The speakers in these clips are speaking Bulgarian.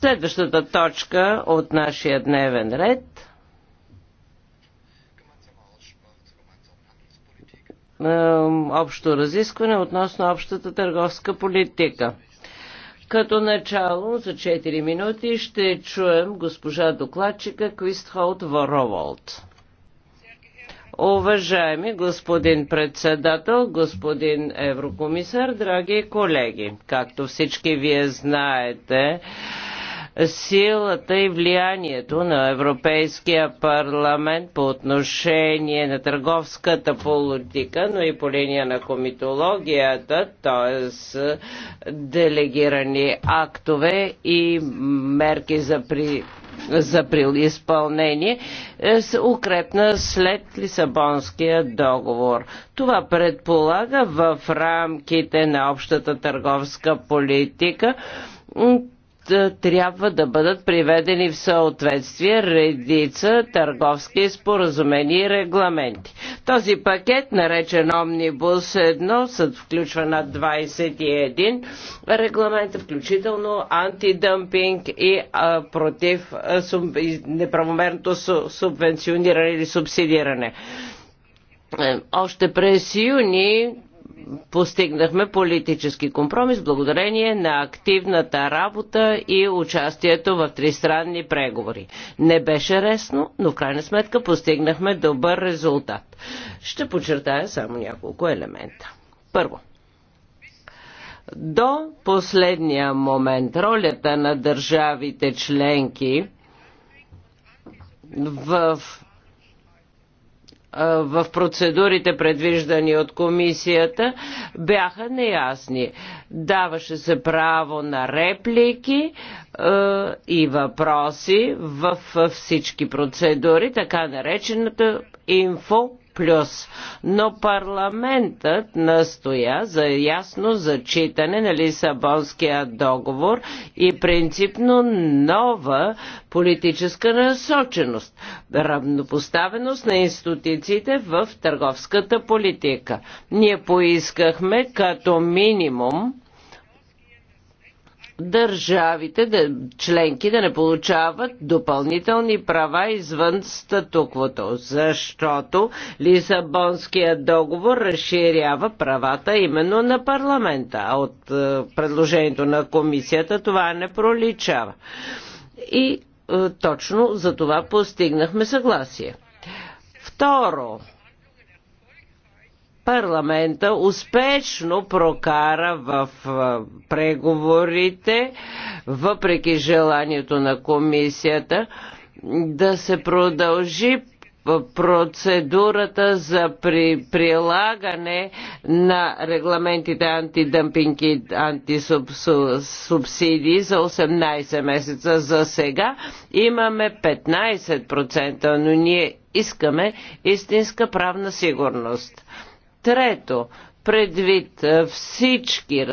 Следващата точка от нашия дневен ред общо разискване относно общата търговска политика. Като начало за 4 минути ще чуем госпожа докладчика Квистхолд Вороволт. Уважаеми господин председател, господин еврокомисар, драги колеги, както всички вие знаете, силата и влиянието на Европейския парламент по отношение на търговската политика, но и по линия на комитологията, т.е. делегирани актове и мерки за при за изпълнение се укрепна след Лисабонския договор. Това предполага в рамките на общата търговска политика е, трябва да бъдат приведени в съответствие редица търговски споразумени и регламенти. Този пакет, наречен Омнибус 1, включва на 21 регламента, включително антидъмпинг и а, е, против а, е, суб, неправомерното субвенциониране или субсидиране. Още през юни постигнахме политически компромис благодарение на активната работа и участието в тристранни преговори. Не беше лесно, но в крайна сметка постигнахме добър резултат. Ще подчертая само няколко елемента. Първо, до последния момент ролята на държавите членки в в процедурите, предвиждани от комисията, бяха неясни. Даваше се право на реплики и въпроси в всички процедури, така наречената инфо плюс. Но парламентът настоя за ясно зачитане на Лисабонския договор и принципно нова политическа насоченост, равнопоставеност на институциите в търговската политика. Ние поискахме като минимум държавите, да, членки да не получават допълнителни права извън статуквото, защото Лисабонският договор разширява правата именно на парламента, а от е, предложението на комисията това не проличава. И е, точно за това постигнахме съгласие. Второ, парламента успешно прокара в преговорите, въпреки желанието на комисията да се продължи процедурата за при прилагане на регламентите антидъмпинг и антисубсидии за 18 месеца. За сега имаме 15%, но ние искаме истинска правна сигурност. Трето, предвид е, всички е,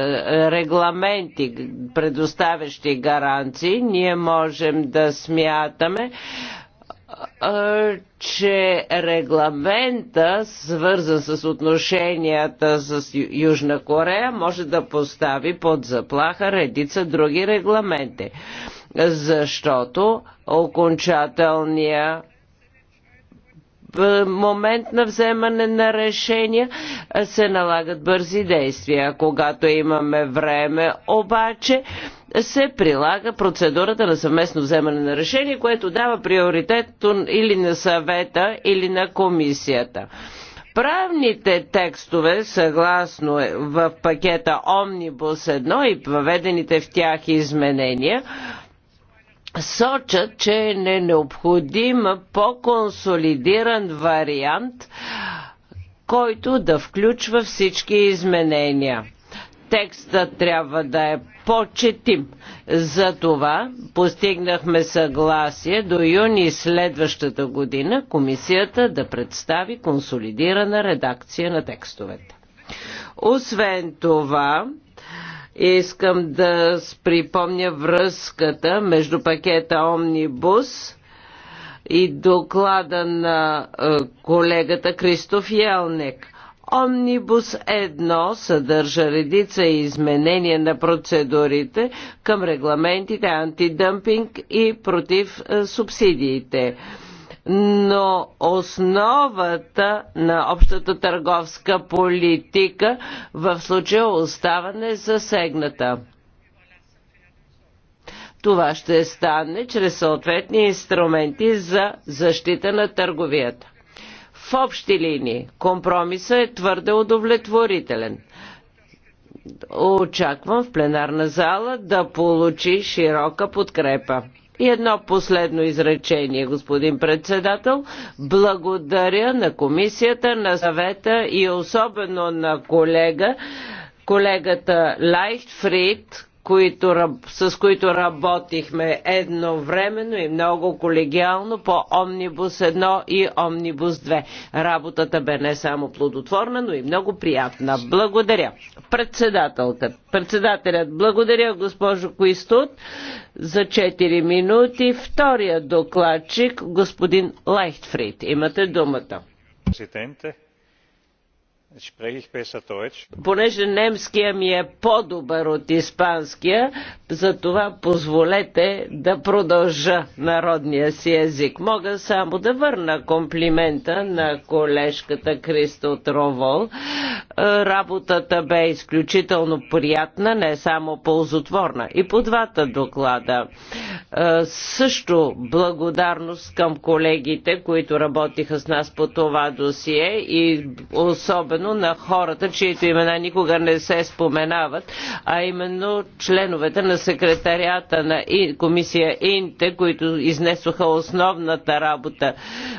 регламенти, предоставящи гаранции, ние можем да смятаме, е, че регламента, свързан с отношенията с Южна Корея, може да постави под заплаха редица други регламенти, защото окончателният е, момент на вземане на решения е, се налагат бързи действия. Когато имаме време, обаче се прилага процедурата на съвместно вземане на решение, което дава приоритет или на съвета, или на комисията. Правните текстове, съгласно е, в пакета Омнибус 1 и въведените в тях изменения, сочат, че е не необходим по-консолидиран вариант, който да включва всички изменения. Текстът трябва да е по-четим. Затова постигнахме съгласие до юни следващата година комисията да представи консолидирана редакция на текстовете. Освен това, Искам да припомня връзката между пакета Омнибус и доклада на е, колегата Кристоф Ялнек. Омнибус 1 съдържа редица и изменения на процедурите към регламентите антидъмпинг и против е, субсидиите но основата на общата търговска политика в случая остава незасегната. Това ще стане чрез съответни инструменти за защита на търговията. В общи линии компромисът е твърде удовлетворителен. Очаквам в пленарна зала да получи широка подкрепа. И едно последно изречение, господин председател. Благодаря на комисията, на съвета и особено на колега, колегата Лайхтфрид, които, с които работихме едновременно и много колегиално по Омнибус 1 и Омнибус 2. Работата бе не само плодотворна, но и много приятна. Благодаря. Председателката. Председателят, благодаря госпожо Коистут за 4 минути. Вторият докладчик, господин Лайхтфрид. Имате думата. Президенте, Понеже немския ми е по-добър от испанския, затова позволете да продължа народния си език. Мога само да върна комплимента на колежката Кристо Тровол. Е, работата бе изключително приятна, не само ползотворна. И по двата доклада. Е, също благодарност към колегите, които работиха с нас по това досие и особено особено на хората, чието имена никога не се споменават, а именно членовете на секретарията на комисия Инте, които изнесоха основната работа.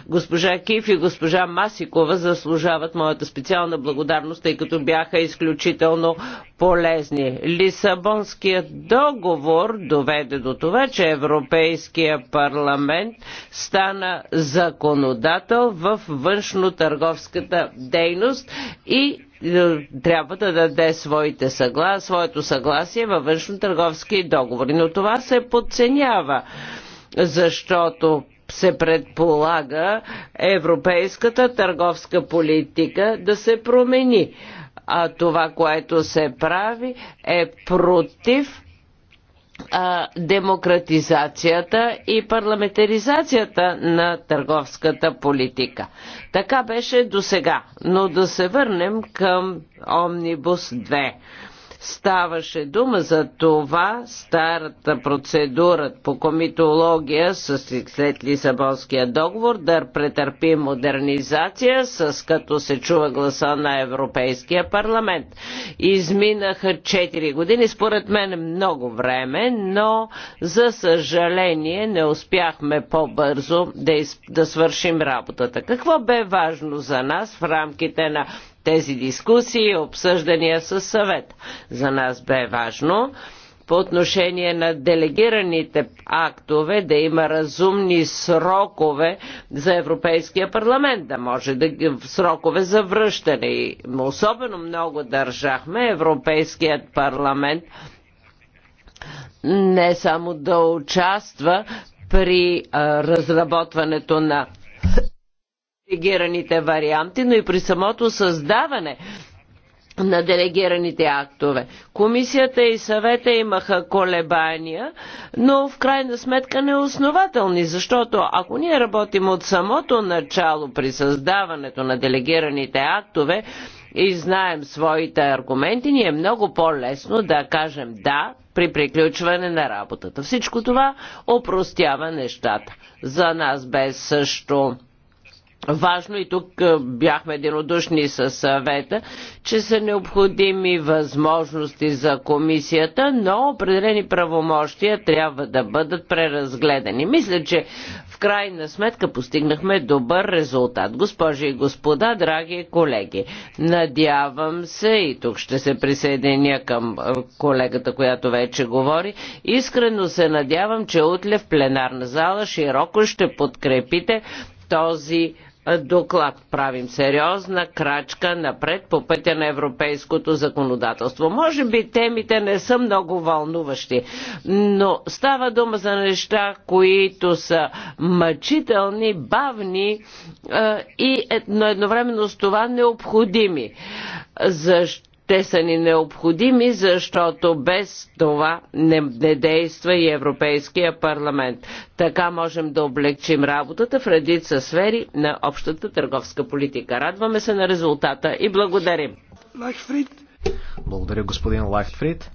Госпожа Киф и госпожа Масикова заслужават моята специална благодарност, тъй като бяха изключително полезни. Лисабонският договор доведе до това, че Европейския парламент стана законодател в външно-търговската дейност и е, трябва да даде своите съгла... своето съгласие във външно-търговски договори. Но това се подценява, защото се предполага европейската търговска политика да се промени. А това, което се прави, е против а, демократизацията и парламентаризацията на търговската политика. Така беше до сега, но да се върнем към Омнибус 2. Ставаше дума за това старата процедура по комитология след Лисабонския договор да претърпи модернизация, с като се чува гласа на Европейския парламент. Изминаха 4 години, според мен много време, но за съжаление не успяхме по-бързо да, из... да свършим работата. Какво бе важно за нас в рамките на тези дискусии и обсъждания с съвет. За нас бе важно по отношение на делегираните актове да има разумни срокове за Европейския парламент, да може да срокове за връщане. И особено много държахме Европейският парламент не само да участва при а, разработването на делегираните варианти, но и при самото създаване на делегираните актове. Комисията и съвета имаха колебания, но в крайна сметка неоснователни, защото ако ние работим от самото начало при създаването на делегираните актове и знаем своите аргументи, ни е много по-лесно да кажем да при приключване на работата. Всичко това опростява нещата. За нас бе също Важно и тук бяхме единодушни с съвета, че са необходими възможности за комисията, но определени правомощия трябва да бъдат преразгледани. Мисля, че в крайна сметка постигнахме добър резултат. Госпожи и господа, драги колеги, надявам се, и тук ще се присъединя към колегата, която вече говори, искрено се надявам, че утре в пленарна зала широко ще подкрепите този доклад. Правим сериозна крачка напред по пътя на европейското законодателство. Може би темите не са много вълнуващи, но става дума за неща, които са мъчителни, бавни и едновременно с това необходими. Защо? Те са ни необходими, защото без това не, не действа и Европейския парламент. Така можем да облегчим работата в редица сфери на общата търговска политика. Радваме се на резултата и благодарим. Благодаря, господин Лайфрид.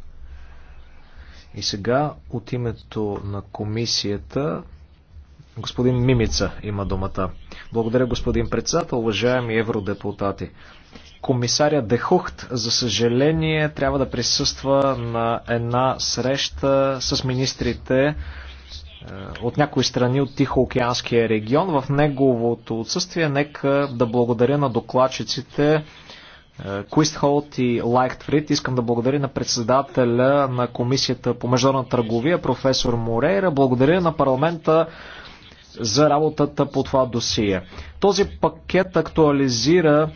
И сега от името на комисията господин Мимица има думата. Благодаря, господин председател, уважаеми евродепутати комисаря Дехухт, за съжаление, трябва да присъства на една среща с министрите е, от някои страни от Тихоокеанския регион. В неговото отсъствие нека да благодаря на докладчиците е, Куистхолт и Лайхтфрид. Искам да благодаря на председателя на Комисията по международна търговия, професор Морейра. Благодаря на парламента за работата по това досие. Този пакет актуализира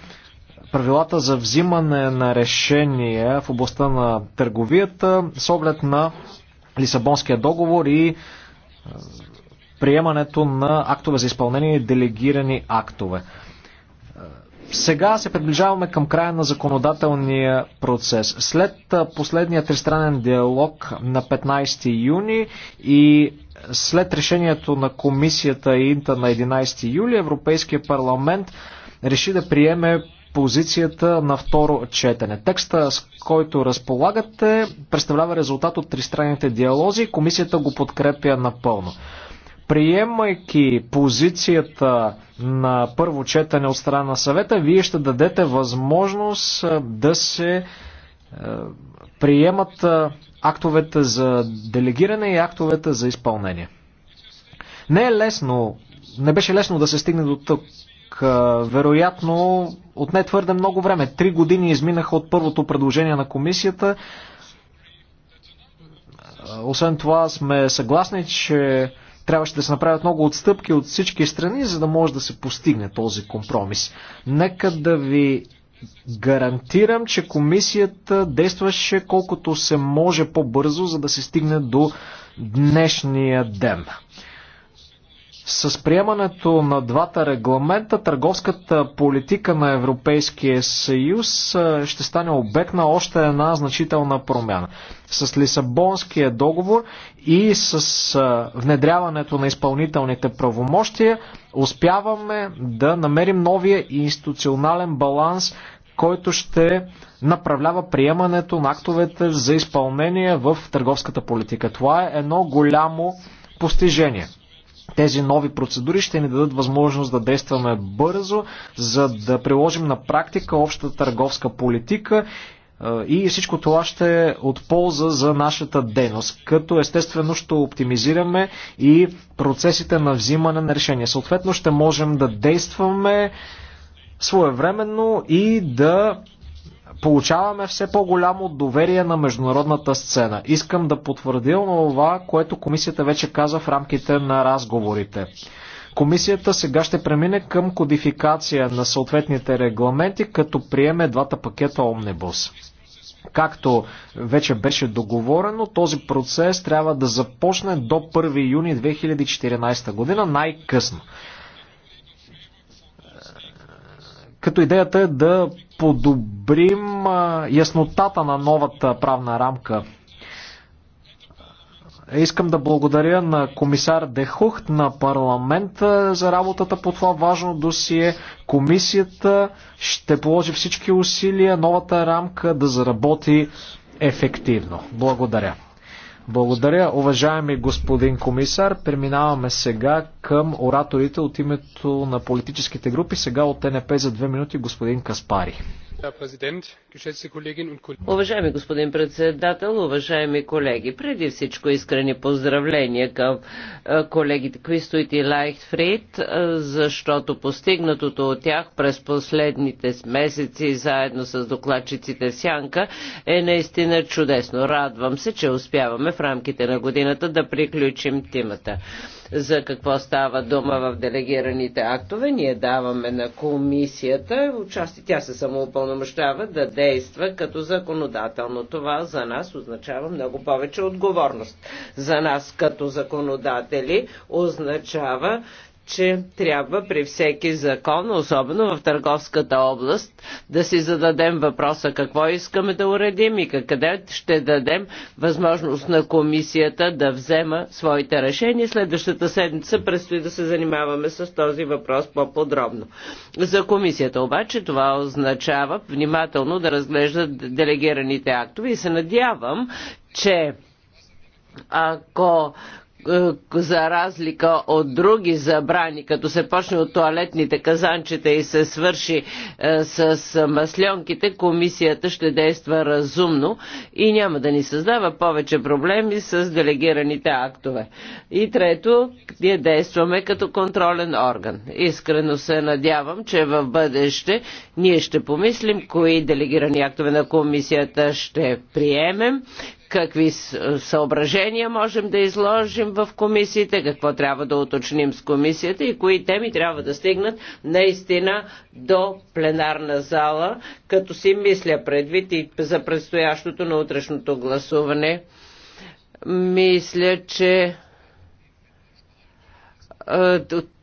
правилата за взимане на решения в областта на търговията с оглед на Лисабонския договор и е, приемането на актове за изпълнение и делегирани актове. Е, сега се приближаваме към края на законодателния процес. След е, последния тристранен диалог на 15 юни и след решението на комисията Инта на 11 юли, Европейския парламент реши да приеме позицията на второ четене. Текста, с който разполагате, представлява резултат от тристранните диалози. Комисията го подкрепя напълно. Приемайки позицията на първо четене от страна на съвета, вие ще дадете възможност да се приемат актовете за делегиране и актовете за изпълнение. Не е лесно, не беше лесно да се стигне до тук. Вероятно, отне твърде много време. Три години изминаха от първото предложение на комисията. Освен това сме съгласни, че трябваше да се направят много отстъпки от всички страни, за да може да се постигне този компромис. Нека да ви гарантирам, че комисията действаше колкото се може по-бързо, за да се стигне до днешния ден. С приемането на двата регламента търговската политика на Европейския съюз ще стане обект на още една значителна промяна. С Лисабонския договор и с внедряването на изпълнителните правомощия успяваме да намерим новия институционален баланс, който ще направлява приемането на актовете за изпълнение в търговската политика. Това е едно голямо постижение. Тези нови процедури ще ни дадат възможност да действаме бързо, за да приложим на практика общата търговска политика е, и всичко това ще е от полза за нашата дейност, като естествено ще оптимизираме и процесите на взимане на решения. Съответно ще можем да действаме своевременно и да Получаваме все по-голямо доверие на международната сцена. Искам да потвърдя това, което комисията вече каза в рамките на разговорите. Комисията сега ще премине към кодификация на съответните регламенти, като приеме двата пакета Омнибус. Както вече беше договорено, този процес трябва да започне до 1 юни 2014 година най-късно като идеята е да подобрим яснотата на новата правна рамка. Е, искам да благодаря на комисар Дехухт на парламента за работата по това важно досие. Комисията ще положи всички усилия новата рамка да заработи ефективно. Благодаря. Благодаря, уважаеми господин комисар. Преминаваме сега към ораторите от името на политическите групи. Сега от ТНП за две минути господин Каспари. Уважаеми господин председател, уважаеми колеги, преди всичко искрени поздравления към е, колегите Квистоит и Лайхтфрид, е, защото постигнатото от тях през последните месеци заедно с докладчиците Сянка е наистина чудесно. Радвам се, че успяваме в рамките на годината да приключим темата за какво става дума в делегираните актове. Ние даваме на комисията, участи тя се самоупълномощава да действа като законодателно. Това за нас означава много повече отговорност. За нас като законодатели означава, че трябва при всеки закон, особено в търговската област, да си зададем въпроса какво искаме да уредим и къде ще дадем възможност на комисията да взема своите решения. Следващата седмица предстои да се занимаваме с този въпрос по-подробно. За комисията обаче това означава внимателно да разглежда делегираните актове и се надявам, че ако е, за разлика от други забрани, като се почне от туалетните казанчета и се свърши е, с е, масленките, комисията ще действа разумно и няма да ни създава повече проблеми с делегираните актове. И трето, ние действаме като контролен орган. Искрено се надявам, че в бъдеще ние ще помислим кои делегирани актове на комисията ще приемем, какви съображения можем да изложим в комисиите, какво трябва да уточним с комисията и кои теми трябва да стигнат наистина до пленарна зала, като си мисля предвид и за предстоящото на утрешното гласуване. Мисля, че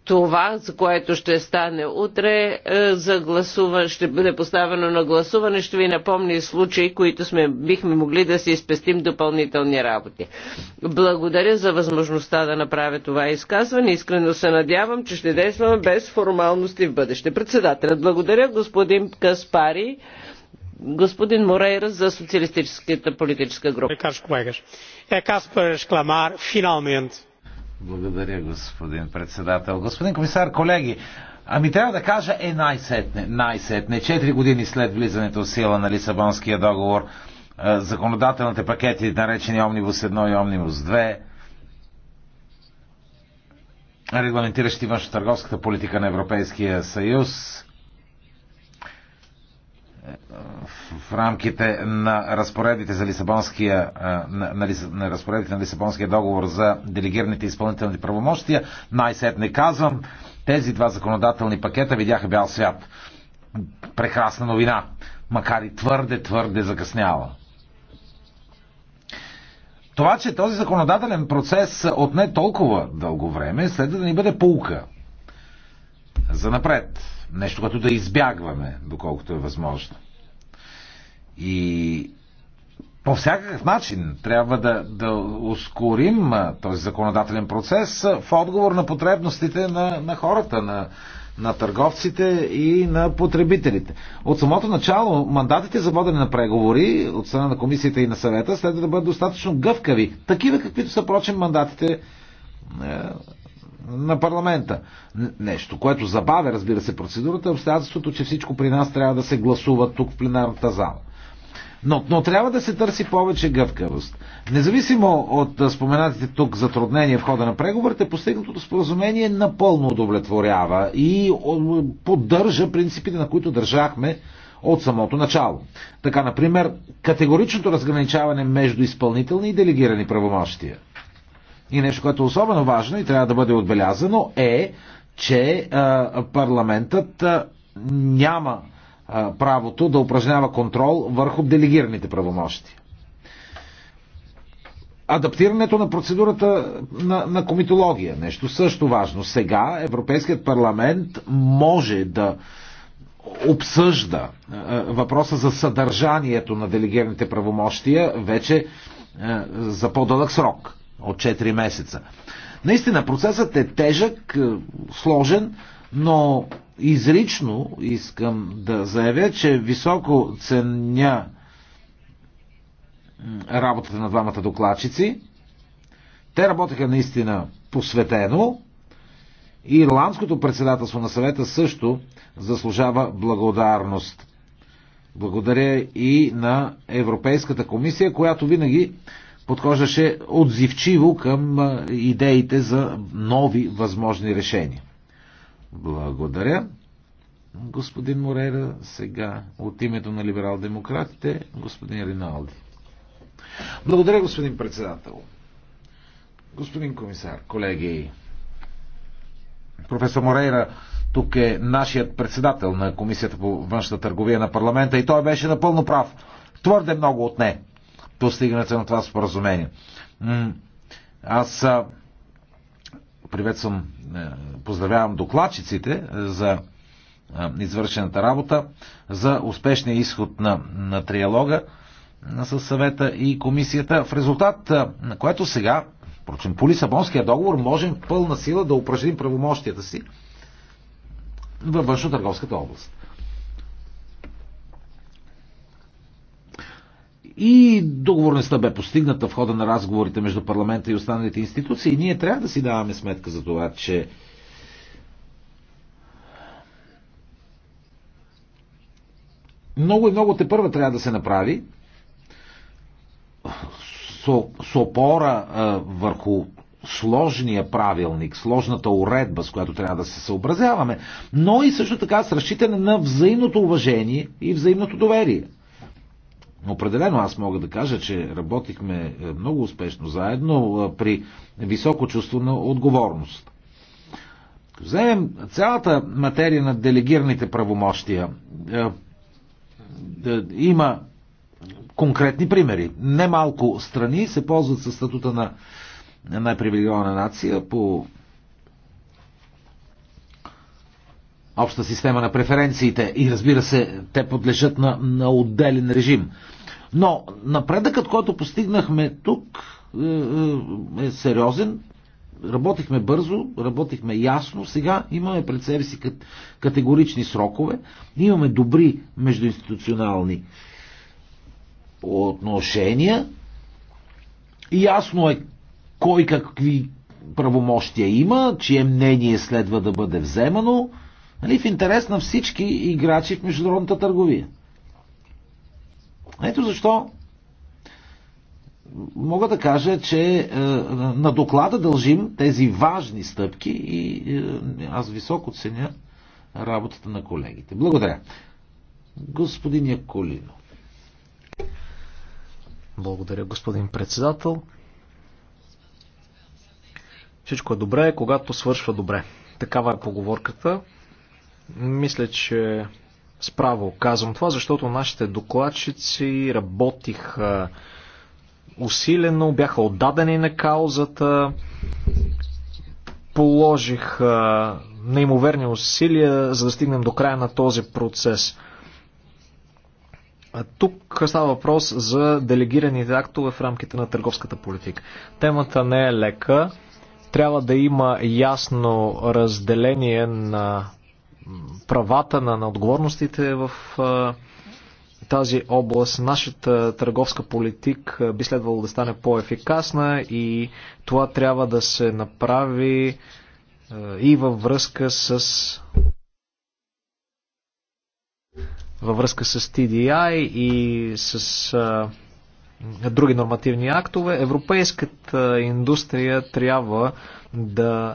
това, за което ще стане утре, е, за гласуване, ще бъде поставено на гласуване, ще ви напомни случаи, които сме, бихме могли да си изпестим допълнителни работи. Благодаря за възможността да направя това изказване. Искрено се надявам, че ще действаме без формалности в бъдеще. Председателят, благодаря господин Каспари, господин Морейра за социалистическата политическа група. Е, Каспар, е благодаря, господин председател. Господин комисар, колеги, ами трябва да кажа е най-сетне, най-сетне. Четири години след влизането в сила на Лисабонския договор, е, законодателните пакети, наречени Омнибус 1 и Омнибус 2, регламентиращи външно-търговската политика на Европейския съюз, в рамките на разпоредите за Лисабонския, на, на, на разпоредите на Лисабонския договор за делегираните изпълнителни правомощия, най-сетне казвам, тези два законодателни пакета видяха бял свят. Прекрасна новина, макар и твърде, твърде закъсняла. Това, че този законодателен процес отне толкова дълго време, следва да ни бъде полка. За напред. Нещо, което да избягваме, доколкото е възможно. И по всякакъв начин трябва да, да ускорим този законодателен процес в отговор на потребностите на, на хората, на, на търговците и на потребителите. От самото начало мандатите за водене на преговори от страна на комисията и на съвета следва да бъдат достатъчно гъвкави, такива каквито са прочим мандатите е, на парламента. Нещо, което забавя, разбира се, процедурата, е обстоятелството, че всичко при нас трябва да се гласува тук в пленарната зала. Но, но трябва да се търси повече гъвкавост. Независимо от споменатите тук затруднения в хода на преговорите, постигнатото споразумение напълно удовлетворява и поддържа принципите, на които държахме от самото начало. Така, например, категоричното разграничаване между изпълнителни и делегирани правомощия. И нещо, което е особено важно и трябва да бъде отбелязано е, че парламентът няма правото да упражнява контрол върху делегираните правомощи. Адаптирането на процедурата на, на комитология, нещо също важно. Сега Европейският парламент може да обсъжда въпроса за съдържанието на делегираните правомощия вече за по-дълъг срок от 4 месеца. Наистина, процесът е тежък, е, сложен, но изрично искам да заявя, че високо ценя работата на двамата докладчици. Те работеха наистина посветено. И Ирландското председателство на съвета също заслужава благодарност. Благодаря и на Европейската комисия, която винаги подхождаше отзивчиво към идеите за нови възможни решения. Благодаря. Господин Морера, сега от името на либерал-демократите, господин Риналди. Благодаря, господин председател. Господин комисар, колеги, професор Морейра тук е нашият председател на Комисията по външна търговия на парламента и той беше напълно прав. Твърде много от не постигането на това споразумение. Аз приветствам, е, поздравявам докладчиците е, за е, извършената работа, за успешния изход на, на триалога с съвета и комисията, в резултат на което сега, впрочем, по Лисабонския договор можем пълна сила да упражним правомощията си във външно-търговската област. И договорността бе постигната в хода на разговорите между парламента и останалите институции. И ние трябва да си даваме сметка за това, че много и много те първа трябва да се направи с опора върху сложния правилник, сложната уредба, с която трябва да се съобразяваме, но и също така с разчитане на взаимното уважение и взаимното доверие. Определено аз мога да кажа, че работихме е, много успешно заедно е, при високо чувство на отговорност. Вземем цялата материя на делегираните правомощия. Е, има конкретни примери. Немалко страни се ползват със статута на най-привилегирована нация по обща система на преференциите и разбира се, те подлежат на, на отделен режим. Но напредъкът, който постигнахме тук, е, е, е сериозен. Работихме бързо, работихме ясно. Сега имаме пред себе си категорични срокове. Имаме добри междуинституционални отношения. Ясно е кой какви правомощия има, чие мнение следва да бъде вземано. Нали, в интерес на всички играчи в международната търговия. Ето защо мога да кажа, че е, на доклада дължим тези важни стъпки и е, аз високо ценя работата на колегите. Благодаря. Господин Яколино. Благодаря, господин председател. Всичко е добре, когато свършва добре. Такава е поговорката. Мисля, че Справо казвам това, защото нашите докладчици работиха усилено, бяха отдадени на каузата, положиха неимоверни усилия, за да стигнем до края на този процес. Тук става въпрос за делегираните актове в рамките на търговската политика. Темата не е лека. Трябва да има ясно разделение на правата, на, на отговорностите в тази област. Нашата търговска политика би следвало да стане по-ефикасна и това трябва да се направи и във връзка с във връзка с TDI и с а, други нормативни актове, европейската индустрия трябва да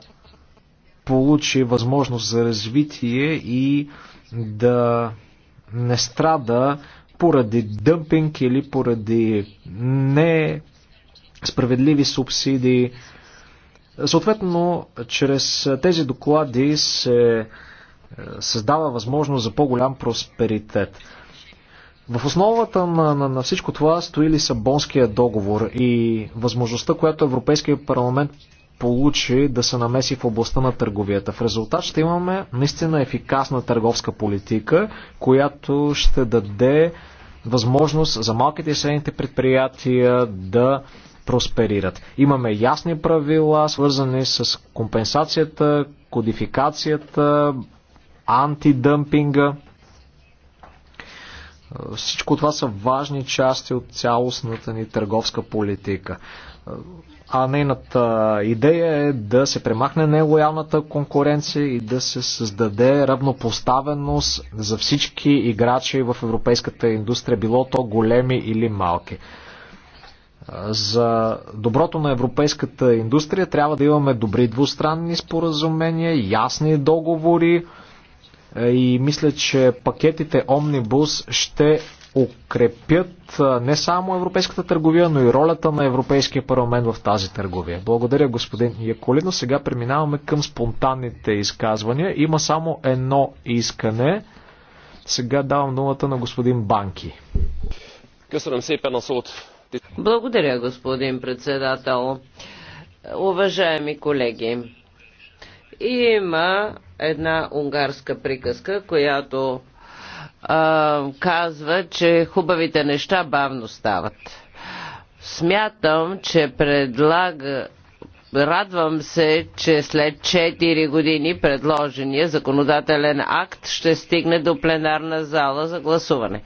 получи възможност за развитие и да не страда поради дъмпинг или поради не справедливи субсидии. Съответно, чрез тези доклади се е, създава възможност за по-голям просперитет. В основата на, на, на всичко това стои Лисабонския договор и възможността, която Европейския парламент получи да се намеси в областта на търговията. В резултат ще имаме наистина ефикасна търговска политика, която ще даде възможност за малките и средните предприятия да просперират. Имаме ясни правила, свързани с компенсацията, кодификацията, антидъмпинга. Всичко това са важни части от цялостната ни търговска политика а нейната идея е да се премахне нелоялната конкуренция и да се създаде равнопоставеност за всички играчи в европейската индустрия, било то големи или малки. За доброто на европейската индустрия трябва да имаме добри двустранни споразумения, ясни договори е, и мисля, че пакетите Omnibus ще укрепят не само европейската търговия, но и ролята на Европейския парламент в тази търговия. Благодаря, господин Яколино. Сега преминаваме към спонтанните изказвания. Има само едно искане. Сега давам думата на господин Банки. Благодаря, господин председател. Уважаеми колеги, има една унгарска приказка, която а, казва, че хубавите неща бавно стават. Смятам, че предлага Радвам се, че след 4 години предложения законодателен акт ще стигне до пленарна зала за гласуване.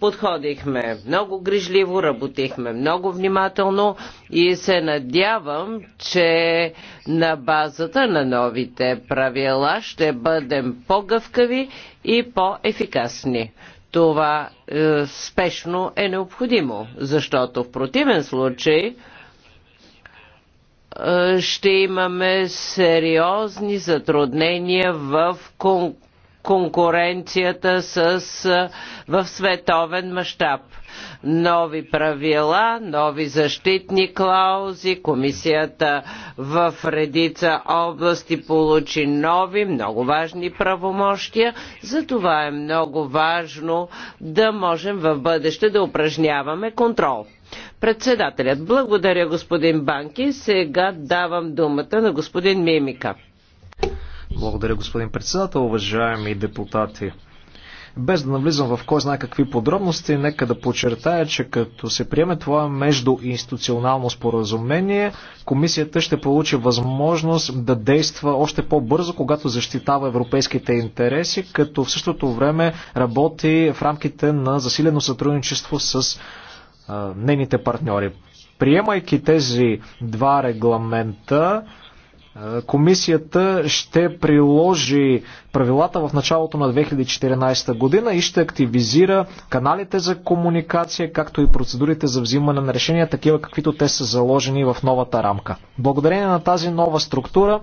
Подходихме много грижливо, работихме много внимателно и се надявам, че на базата на новите правила ще бъдем по-гъвкави и по-ефикасни това е, спешно е необходимо, защото в противен случай е, ще имаме сериозни затруднения в конкуренцията с, е, в световен мащаб. Нови правила, нови защитни клаузи, комисията в редица области получи нови, много важни правомощия. Затова е много важно да можем в бъдеще да упражняваме контрол. Председателят, благодаря господин Банки. Сега давам думата на господин Мимика. Благодаря господин председател, уважаеми депутати. Без да навлизам в кой знае какви подробности, нека да подчертая, че като се приеме това междуинституционално споразумение, комисията ще получи възможност да действа още по-бързо, когато защитава европейските интереси, като в същото време работи в рамките на засилено сътрудничество с нейните партньори. Приемайки тези два регламента, комисията ще приложи правилата в началото на 2014 година и ще активизира каналите за комуникация, както и процедурите за взимане на решения, такива каквито те са заложени в новата рамка. Благодарение на тази нова структура,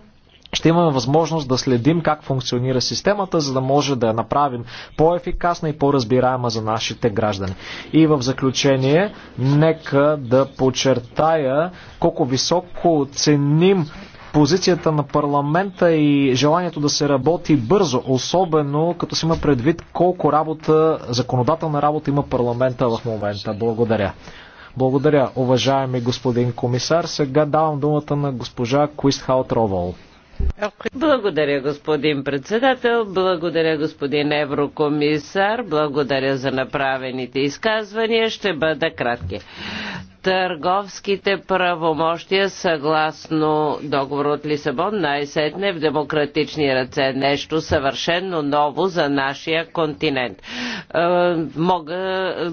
ще имаме възможност да следим как функционира системата, за да може да я направим по-ефикасна и по-разбираема за нашите граждани. И в заключение, нека да подчертая колко високо ценим позицията на парламента и желанието да се работи бързо, особено като си има предвид колко работа, законодателна работа има парламента в момента. Благодаря. Благодаря, уважаеми господин комисар. Сега давам думата на госпожа Куистхаут Ровол. Благодаря, господин председател, благодаря, господин еврокомисар, благодаря за направените изказвания. Ще бъда кратки търговските правомощия съгласно договор от Лисабон най-сетне в демократични ръце. Нещо съвършенно ново за нашия континент. Е, мога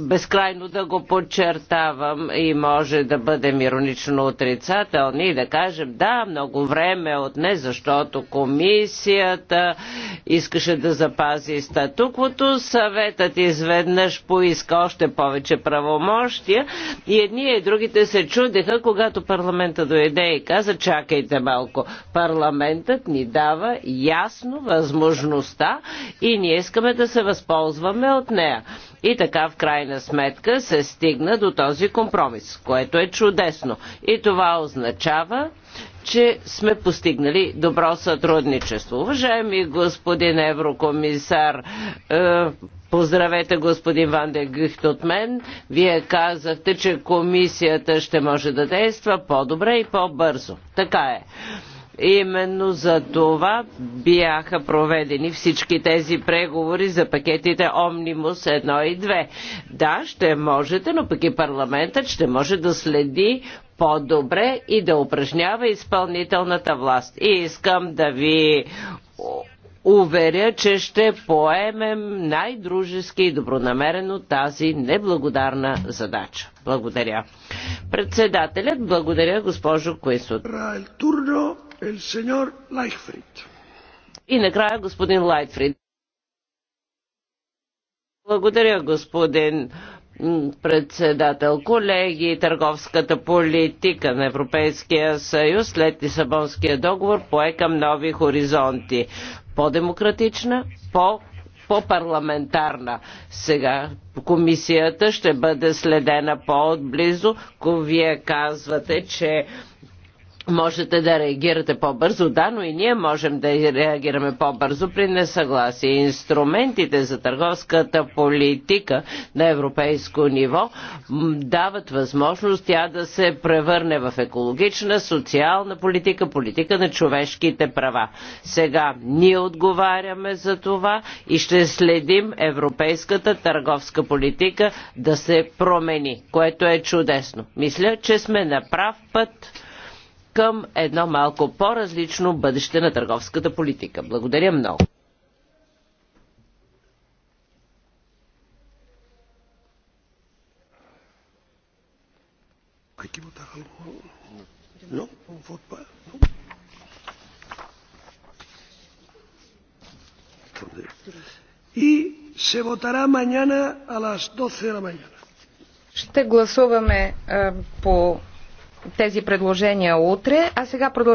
безкрайно да го подчертавам и може да бъдем иронично отрицателни и да кажем да, много време отне, защото комисията искаше да запази статуквото, съветът изведнъж поиска още повече правомощия и едни и другите се чудеха, когато парламента дойде и каза, чакайте малко. Парламентът ни дава ясно възможността и ние искаме да се възползваме от нея. И така в крайна сметка се стигна до този компромис, което е чудесно. И това означава, че сме постигнали добро сътрудничество. Уважаеми господин еврокомисар, е, Поздравете господин Ван де Гъхт от мен. Вие казахте, че комисията ще може да действа по-добре и по-бързо. Така е. Именно за това бяха проведени всички тези преговори за пакетите Омнимус 1 и 2. Да, ще можете, но пък и парламентът ще може да следи по-добре и да упражнява изпълнителната власт. И искам да ви уверя, че ще поемем най-дружески и добронамерено тази неблагодарна задача. Благодаря. Председателят, благодаря госпожо Куисот. И накрая господин Лайтфрид. Благодаря, господин председател. Колеги, търговската политика на Европейския съюз след Лисабонския договор пое към нови хоризонти по-демократична, по по-парламентарна. Сега комисията ще бъде следена по-отблизо. Вие казвате, че можете да реагирате по-бързо, да, но и ние можем да реагираме по-бързо при несъгласие. Инструментите за търговската политика на европейско ниво дават възможност тя да се превърне в екологична, социална политика, политика на човешките права. Сега ние отговаряме за това и ще следим европейската търговска политика да се промени, което е чудесно. Мисля, че сме на прав път към едно малко по-различно бъдеще на търговската политика. Благодаря много. И се вотара маняна а лас 12 de la Ще гласуваме по тези предложения утре, а сега продължаваме.